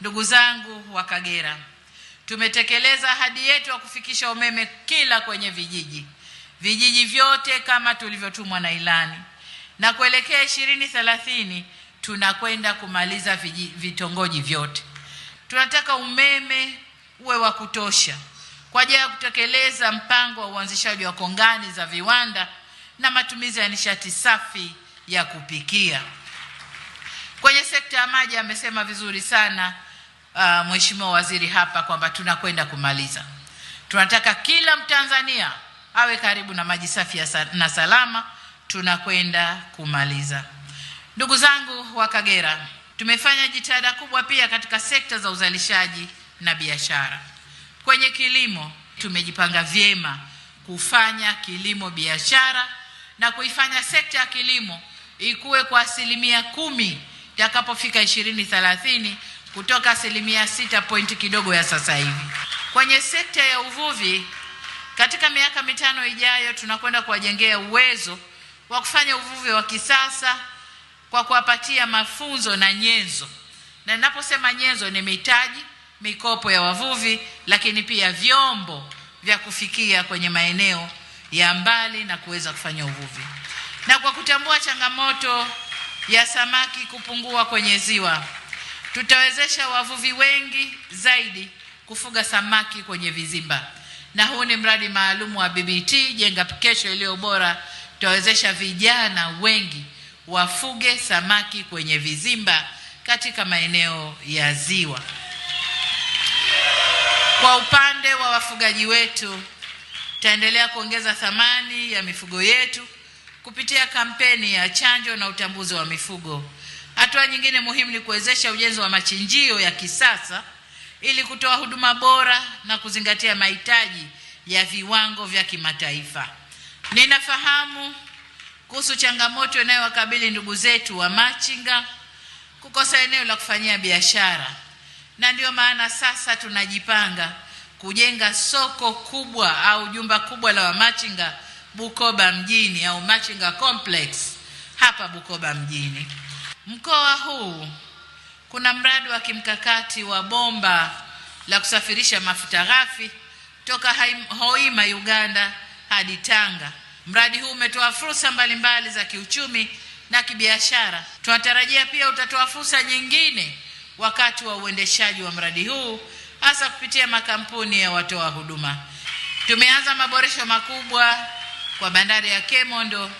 Ndugu zangu wa Kagera, tumetekeleza ahadi yetu ya kufikisha umeme kila kwenye vijiji vijiji vyote kama tulivyotumwa na ilani, na kuelekea ishirini thelathini tunakwenda kumaliza vitongoji vyote. Tunataka umeme uwe wa kutosha kwa ajili ya kutekeleza mpango wa uanzishaji wa kongani za viwanda na matumizi ya nishati safi ya kupikia. Kwenye sekta ya maji amesema vizuri sana uh, Mheshimiwa Waziri hapa kwamba tunakwenda kumaliza. Tunataka kila Mtanzania awe karibu na maji safi na salama, tunakwenda kumaliza. Ndugu zangu wa Kagera, tumefanya jitihada kubwa pia katika sekta za uzalishaji na biashara. Kwenye kilimo tumejipanga vyema kufanya kilimo biashara na kuifanya sekta ya kilimo ikuwe kwa asilimia kumi itakapofika ishirini thelathini kutoka asilimia sita pointi kidogo ya sasa hivi. Kwenye sekta ya uvuvi, katika miaka mitano ijayo tunakwenda kuwajengea uwezo wa kufanya uvuvi wa kisasa kwa kuwapatia mafunzo na nyenzo, na ninaposema nyenzo ni mitaji, mikopo ya wavuvi, lakini pia vyombo vya kufikia kwenye maeneo ya mbali na kuweza kufanya uvuvi. Na kwa kutambua changamoto ya samaki kupungua kwenye ziwa tutawezesha wavuvi wengi zaidi kufuga samaki kwenye vizimba, na huu ni mradi maalum wa BBT jenga kesho iliyo bora. Tutawezesha vijana wengi wafuge samaki kwenye vizimba katika maeneo ya ziwa. Kwa upande wa wafugaji wetu, tutaendelea kuongeza thamani ya mifugo yetu kupitia kampeni ya chanjo na utambuzi wa mifugo. Hatua nyingine muhimu ni kuwezesha ujenzi wa machinjio ya kisasa ili kutoa huduma bora na kuzingatia mahitaji ya viwango vya kimataifa. Ninafahamu kuhusu changamoto inayowakabili ndugu zetu wa machinga kukosa eneo la kufanyia biashara, na ndio maana sasa tunajipanga kujenga soko kubwa au jumba kubwa la wamachinga Bukoba mjini au machinga complex hapa Bukoba mjini. Mkoa huu kuna mradi wa kimkakati wa bomba la kusafirisha mafuta ghafi toka Hoima Uganda hadi Tanga. Mradi huu umetoa fursa mbalimbali za kiuchumi na kibiashara. Tunatarajia pia utatoa fursa nyingine wakati wa uendeshaji wa mradi huu hasa kupitia makampuni ya watoa huduma. Tumeanza maboresho makubwa kwa bandari ya Kemondo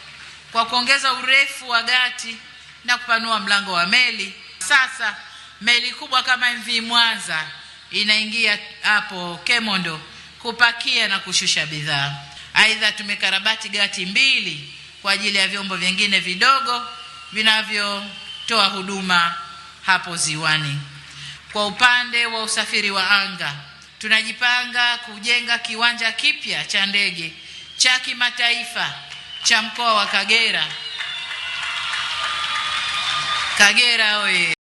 kwa kuongeza urefu wa gati na kupanua mlango wa meli. Sasa meli kubwa kama MV Mwanza inaingia hapo Kemondo kupakia na kushusha bidhaa. Aidha, tumekarabati gati mbili kwa ajili ya vyombo vingine vidogo vinavyotoa huduma hapo ziwani. Kwa upande wa usafiri wa anga, tunajipanga kujenga kiwanja kipya cha ndege cha kimataifa cha mkoa wa Kagera caguera, hoy.